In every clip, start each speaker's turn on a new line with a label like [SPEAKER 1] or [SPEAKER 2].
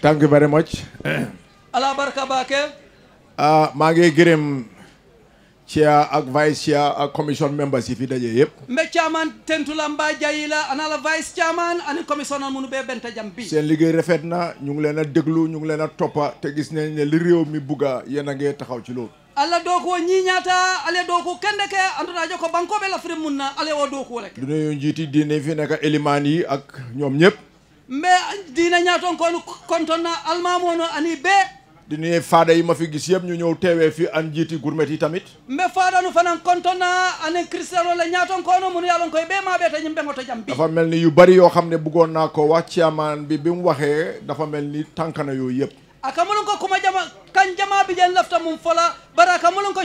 [SPEAKER 1] thank you very much ala barka bake uh, chair ak vice chair ak commission members yi fi daje yëpp
[SPEAKER 2] mbe chairman Tentula Mba Jayila ana la vice chairman ani commissioner munu bee benta jam seen
[SPEAKER 1] liggéey rafet na ñu ngi leen a déglu ñu ngi leen a toppa te gis nañ ne li réew mi bugga yéen a ngee taxaw ci loolu
[SPEAKER 2] alla dookuwo ñiiñaata ale dooku kende ke andunaajo ko bankoɓe lafiri mun na ale wo dookuwo rek du
[SPEAKER 1] nuyu njiiti diine fi nekk élimaan yi ak ñoom ñëpp
[SPEAKER 2] mbe diina ñaaton kon konton na almamono ani bee
[SPEAKER 1] di nuyu faada yi ma fi gis yëpp ñu ñëw teewee fi an jiiti gourmet yi tamit
[SPEAKER 2] mbe faadanu fanan kontona anen cristalo la ñaaton kono munu yalon koy ɓe maɓe ta ñimɓe ngoto jam dafa
[SPEAKER 1] mel ni yu bari yoo xam ne bëggoon naa ko wax chairman bi bi mu waxee dafa mel ni tànkana yooyu yëpp
[SPEAKER 2] aka ah, mulun ko kuma jama kan jama bi jen lafta mum fola bara aka mulun ko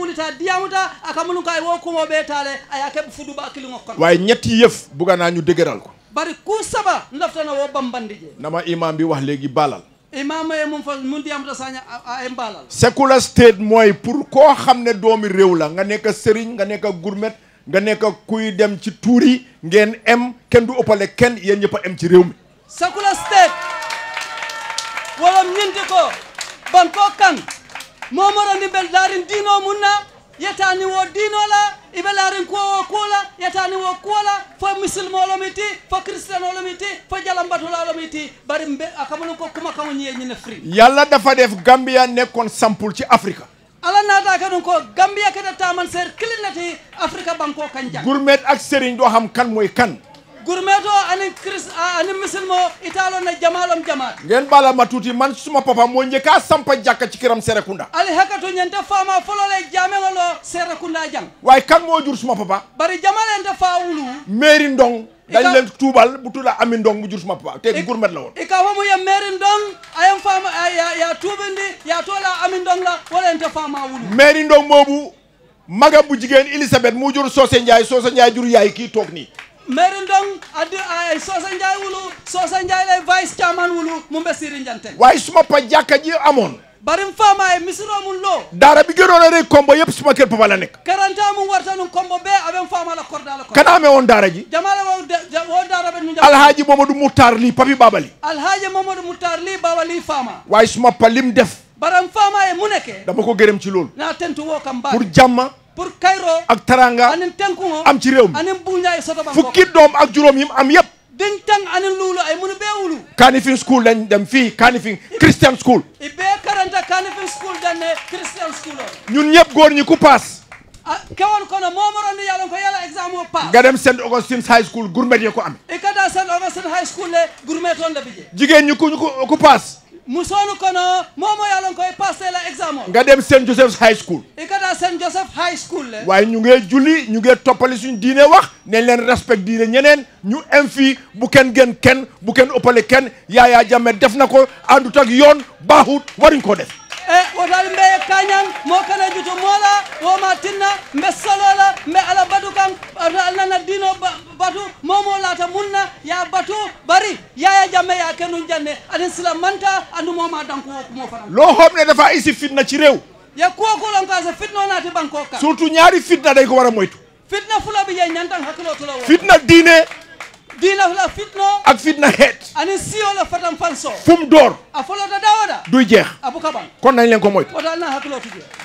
[SPEAKER 2] wulita diyamuta aka mulun ko ay wo kumo ɓe taale aya keɓ fuduba kilingo kono
[SPEAKER 1] waaye ñetti yëf bugga naa ñu dëgëral ko
[SPEAKER 2] bari ku saba laftana wo bambandi
[SPEAKER 1] je bi wax léegi balal mu secular state mooy pour koo xam ne doomi réew la nga nekk sëriñ nga nekk gurmet nga nekk kuy dem ci tuur yi ngeen em kenn du ëppale kenn yéen ñëpp a em ci réew mi
[SPEAKER 2] secular state wolom ñinti ko ban ko kan moomorandi bel daarin diinoo mun na yetani wo diinola iɓe laaren kuwowo kuula yetani wo kuwola fo musilmeolomi ti fo christianeolomi ti fo jalambatolalomi ti bari mbe akamalum ko kuma kamo ñiyeñine fri
[SPEAKER 1] yalla dafa def gambia nekkon sampul ci afrique
[SPEAKER 2] ala naataka ɗum ko gambia kete taman ser kilinati afrique banko kan jag
[SPEAKER 1] gourmet ak sérigne do xam kan mooy kan gurmeto anin chris anin a italo na jamalom jamal ngeen bala ma tuuti man suma papa moo njëkka sampa jàkka ci këram Serekunda
[SPEAKER 2] ali hekkato ñente faama folole jaamengolo Serekunda jang
[SPEAKER 1] waaye kan moo jur suma papa bari jamalente faa wulu mairie ndong dañ leen tuubal bu tudd Amin Ndong mu jur suma papa te gurmet la woon
[SPEAKER 2] i ka famu ye mairie Ndong ayam faama a tuubindi a toola Amin Ndong la wala
[SPEAKER 1] ente faama wulu mairie Ndong moobu magam bu jigéen Elisabeth mu jur Socé toog nii
[SPEAKER 2] meri ndong adi ay eh, Soosa Njaay wulu Soosa Njaay lay vice chairman wulu mu mbe siri njante waaye suma
[SPEAKER 1] pa jàkka ji amoon
[SPEAKER 2] bari mu faamaay eh, misiroo mun loo
[SPEAKER 1] daara bi gënoon a rëy kombo yëpp suma kër papa la nekk
[SPEAKER 2] karanta mu warta nu kombo bee abe mu faama la korda la korda kana amee woon daara ji jamaale woon woon daara be nu jamaale alhaaji
[SPEAKER 1] Mamadou Moutar lii papi baaba lii
[SPEAKER 2] alhaaji Mamadou Moutar lii baaba lii faama
[SPEAKER 1] waaye suma pa lim def
[SPEAKER 2] baram faamaay eh, mu nekkee
[SPEAKER 1] dama ko gërëm ci loolu naa tentu woo kam baal pour jàmma pour Cairo ak taranga am ci réew mi fukki doom ak juróom yim am yëpp din tan anin lulu ay munu be wulu Kanifing school dem fii Kanifing Christian school i
[SPEAKER 2] bee karanta Kanifing school danne Christian school o
[SPEAKER 1] ñun ñëpp góor ñi paas
[SPEAKER 2] kewon kono momorondi yalon ko yala exam o paas nga
[SPEAKER 1] dem Saint Augustine high school gourmet ye ko ame
[SPEAKER 2] i kada Saint Augustine high school le gourmet toon la bije
[SPEAKER 1] jigéen ñi paas
[SPEAKER 2] mu ko kono momo yalon koye passé la examen nga
[SPEAKER 1] dem Saint Joseph's High School
[SPEAKER 2] i kata Saint Joseph High School le waaye
[SPEAKER 1] ñu ngee julli ñu ngee toppali suñu diine wax ne leen respect diine ñeneen ñu em fii bu ken gën kenn bu kenn ëppale kenn Yaya Jammeh def na ko àndut ak yoon baaxut waruñ koo def
[SPEAKER 2] wotaɓe mbe kañan mo kala juto moola woma tinna mbe solola mbe ala batu kam nana dino batu momo laata munna ya batu bari yaya jamme ya kenun janne aɗen sila manta andu moma danko wokumo fana lo homne dafa isi
[SPEAKER 1] fitna ci rew
[SPEAKER 2] ye kuwo kolon ka so fitno naati banko ka surtout
[SPEAKER 1] ñaari fitna day ko wara moytu
[SPEAKER 2] fitna fula bi ye ñantan hakkilo tulo fitna diine
[SPEAKER 1] diina la fitno ak fitna xeet
[SPEAKER 2] ani siyo la fatam fanso fu mu door a folota daawada duy jeex
[SPEAKER 1] kon nañ leen ko moytu wota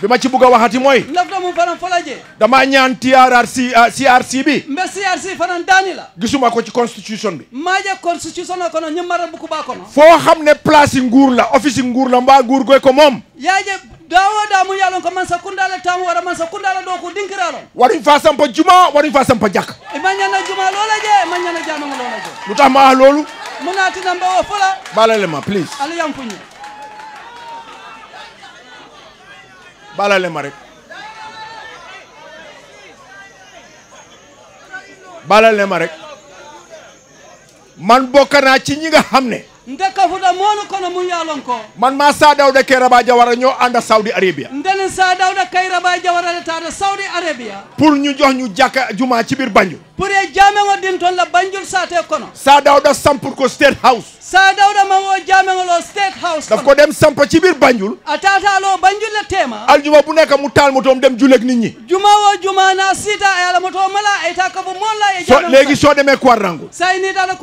[SPEAKER 1] bi ma ci bugg a waxati mooy
[SPEAKER 2] lafta mu fanan folaje
[SPEAKER 1] dama ñaan TRRC CRC ah, bi
[SPEAKER 2] mbe CRC fanan daani
[SPEAKER 1] gisuma ko ci constitution bi
[SPEAKER 2] maaje constitution la kono ñimmara buku baa kono foo
[SPEAKER 1] xam ne place nguur la office nguur la mbaa nguur goy ko moom
[SPEAKER 2] yaaje dawo da mu yalon ko man sa kundala tamu wara man sa kundala do ko dinkiralo
[SPEAKER 1] wari fa sampa juma wari fa sampa jak
[SPEAKER 2] e manyana juma lola je manyana jama lola je
[SPEAKER 1] lutax ma lolu
[SPEAKER 2] munati namba o fula
[SPEAKER 1] balale ma please ala yam kunyu balale ma rek balale ma rek man bokana ci ñi nga xamne
[SPEAKER 2] ndekafuɗa mono kono mum yalon ko
[SPEAKER 1] man ma sa dawɗa kayraba jawara ño anda saudi arabia
[SPEAKER 2] ndenen sa dawɗa kayraba jawara letaɗo saudi arabia
[SPEAKER 1] pour ñu jox ñu jàkka jumaa ci biir banjul
[SPEAKER 2] pour e jamego din toon la banjul sate kono
[SPEAKER 1] sa dawɗa sampour ko state house sa dawda man o jaamengolo state house daf ko dem samp ci biir banjul a taataaloo banjul le teema aljuma bu nekk mu taal motoom dem julleg nit ñi juma wo juma a siita a yàlla motoo
[SPEAKER 2] mala ay taa kabu moon la ye so léegi
[SPEAKER 1] soo demee kuwardangu
[SPEAKER 2] say niitaala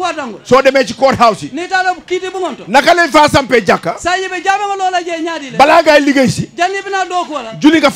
[SPEAKER 1] soo demee ci court house yi niitaala kiiti bu ngonto naka leen faa sampee jàkka say
[SPEAKER 2] yibe jaamengoloo la jee ñaadi le balaa ngay liggéey si janni bi naa dookoo la julli nga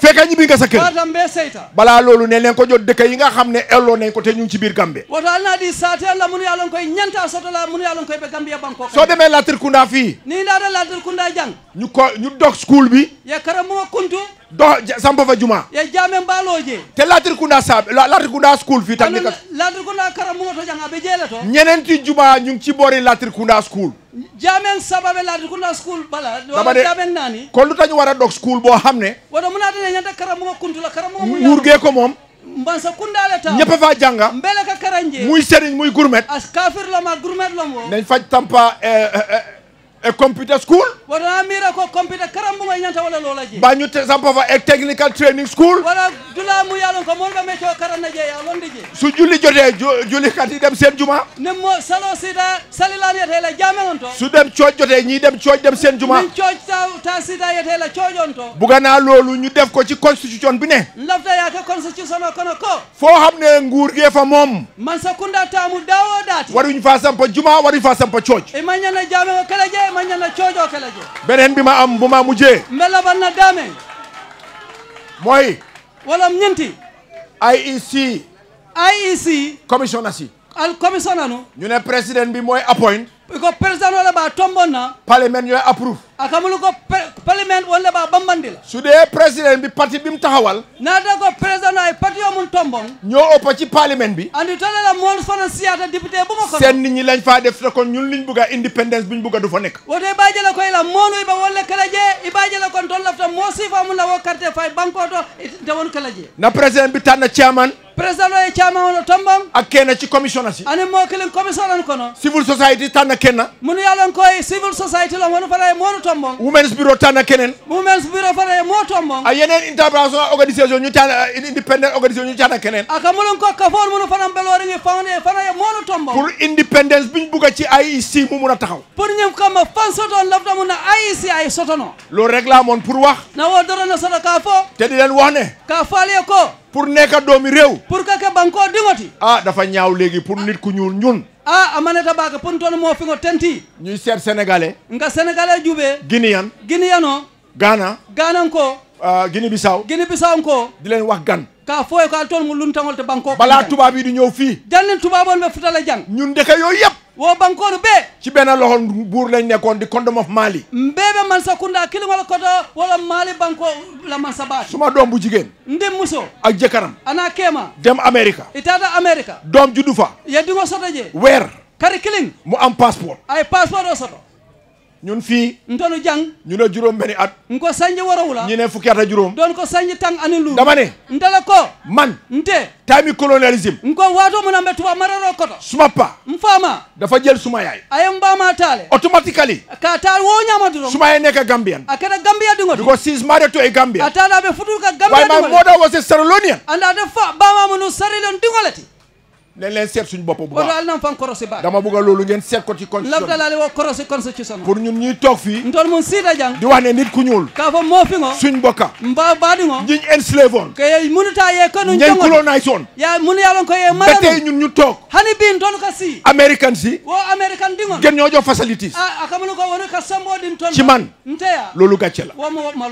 [SPEAKER 2] fekka ñibbi nga sa kër
[SPEAKER 1] loolu ne leen ko jot dëkk yi nga xam ne elloo nañ ko te ñu ngi ci biir Gambie
[SPEAKER 2] woto alna di saate la munu yalon koy ñanta soto la munu yalon koy be Gambie banko soo
[SPEAKER 1] demee Latrikunda fii nii ndaada Latrikunda jàng ñu ko ñu dog school bi ya karamu kuntu dox samp fa juma ye jame mbaloje te latrikunda sab latrikunda school fii tam nika
[SPEAKER 2] latrikunda karamugo to janga be jele to ñenenti
[SPEAKER 1] juma ñu ngi ci boori latrikunda school
[SPEAKER 2] jamen sababe latrikunda school bala jamen nani
[SPEAKER 1] kon lu tañu war a dog school boo xam ne
[SPEAKER 2] woto mu naata ne ñanta karamugo kuntula karamugo
[SPEAKER 1] mu wurgee ko
[SPEAKER 2] ñëpp faa jànga mbele ka karanje
[SPEAKER 1] muy sëriñ muy gourmet as
[SPEAKER 2] kafir la ma gourmet la mo
[SPEAKER 1] nañ faj tampa eh, eh, eh, e computer school wona mira ko computer karambugo ñanta wala loolaji bañu sampo fa e technical training school
[SPEAKER 2] wala dulamu yalon ko molɓe mecco karanna je ya londe je so julli
[SPEAKER 1] jotee julli kadi dem seen juma
[SPEAKER 2] nemmo salo sida salilan yetela jame on to
[SPEAKER 1] su dem cooj jotee ñi dem cooj dem seen juma min
[SPEAKER 2] cooj ta ta sida yetela cooj on to
[SPEAKER 1] bugana loolu ñu def ko ci constitution bi ne lafta yake constitution o kono xam ne nguur gee fa moom man sa kunda tamu dawo daati waruñ fa sampo juma waruñ fa
[SPEAKER 2] o kala je mañana coojoo ke la je
[SPEAKER 1] beneen bi ma am bu ma mujjee
[SPEAKER 2] mbela ban na daame
[SPEAKER 1] mooy walam ñenti IEC IEC commission na si al commission nanu ñu ne président bi mooy appoint iko président wala ba tombon na parlement ñooy approuve akamul ko parlement wala ba bambandi la su dee président bi parti bi mu taxawal naata ko président ay parti yo mun tombon ñoo ëpp ci parlement bi andi tole la mool fana siyaata député bu ko seen ñi lañ faa def te kon ñun liñ bugga indépendance buñ bugga du fa nekk woto
[SPEAKER 2] i baaje la koy la moolu i ba wolle kala jee i baaje la kon toon lafta moo siifa mun la wo carte fay banko
[SPEAKER 1] te won président e camawno tombam akkena ci commission asi anin mo kilin commission on kono civil society tanna kenna munu yalon koye civil society lon hono fana e mono tombon women's bureau tanna kenen women's bureau fana e mo tombon a yenen international organisation ñu tan euh, independent organisation ñu tanna ko ka fon munu fana belori ngi fawne e fana e mono tombon pour independence biñ buga ci IEC mu mun na IEC ay sotono loolu rek soto ka pour nekk doomi réew pour que ke bankoo diŋoti ah dafa ñaaw léegi pour nit ku ñuul ñun ah amanata baaka pontoon moo fi ngo tenti ñuy seet sénégalais nga sénégalais jubee guinéen guinéen o gaana gaanankoo ah, Guinée Bissau Guinée Bissau nkoo di leen wax gan ka fooye ko al toon mu luntaŋol te bankoo balaa tubaab yi di ñëw fii jannin tubaaboon be futa la jang ñun dëkk yooyu yëpp wo bankoolu bee ci benn loxo buur lañ nekkoon di kondom of Mali mbee be man sa kunda kiliŋol koto wala Mali banko la man sa baati suma doom bu jigéen ndi musoo ak jëkkanam
[SPEAKER 2] ana keema
[SPEAKER 1] dem Amerika
[SPEAKER 2] itaata Amerika
[SPEAKER 1] doom juddu fa ye diŋo soto jee weer kari kiliŋ mu am passeport ay passeport o soto ñun fii ntonu jang ñu ne juróom benni at nko sanji warawula ñu ne fukki at a juróom doon ko sanji tang ani lu dama ne ntala ko man nte taami colonialisme ko waato mu nambe tuba mararo koto suma pa faama dafa jël suma yaay
[SPEAKER 2] aye mbama taale
[SPEAKER 1] automatically ka
[SPEAKER 2] taal wo ñama duro suma yaay
[SPEAKER 1] nekk gambian
[SPEAKER 2] akata gambia
[SPEAKER 1] dingo because she is married to e a gambian
[SPEAKER 2] atala be futul ka gambia dingo why my mother was a Sierra Leonean and fa bama munu Sierra Leone dingo lati
[SPEAKER 1] nañ leen seet suñu bopp bu baax oɗo alnan fan korosi ba dama bëgg loolu ngeen seet ko ci constitution labdalali wo korosi constitution pour ñun ñuy toog fii ntol mun siida jang di wax ne nit ku ñuul kaa fo moofiŋo suñ bokka mba baadiŋo ñiñ
[SPEAKER 2] enslave on ko ye munu yalon ye mala ñu toog hani biin tolu ka si américaine si wo américaine diŋon gen ñoo jox facilities ah, a akamunu ko wonu ka samboo din ton ci man loolu gàcce